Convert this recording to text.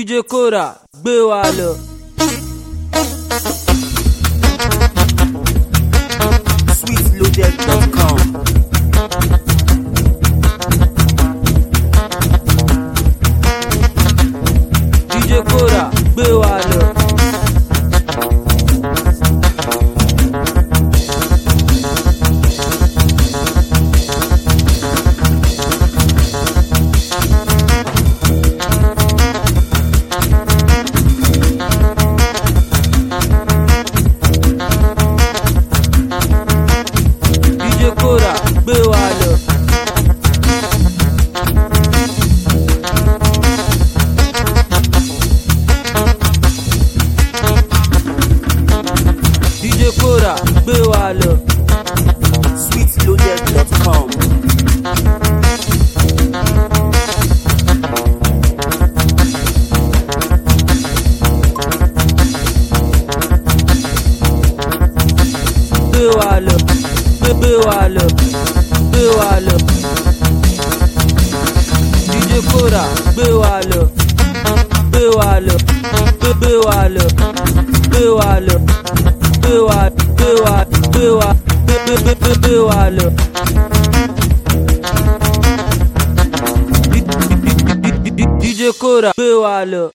DJ Kora gbé wa lọ. sweetloaded.com DJ Kora gbé wa lọ. gbé wa lọ. DJ Kora gbé wa lọ. sweet loaded dot com. gbé gbé DJ Kora gbé wa lọ. Gbé wa lọ. Gbé wa lọ. Gbé wa lọ. Gbé wa gbé wa gbé wa gbé wa lọ. DJ Kora gbé wa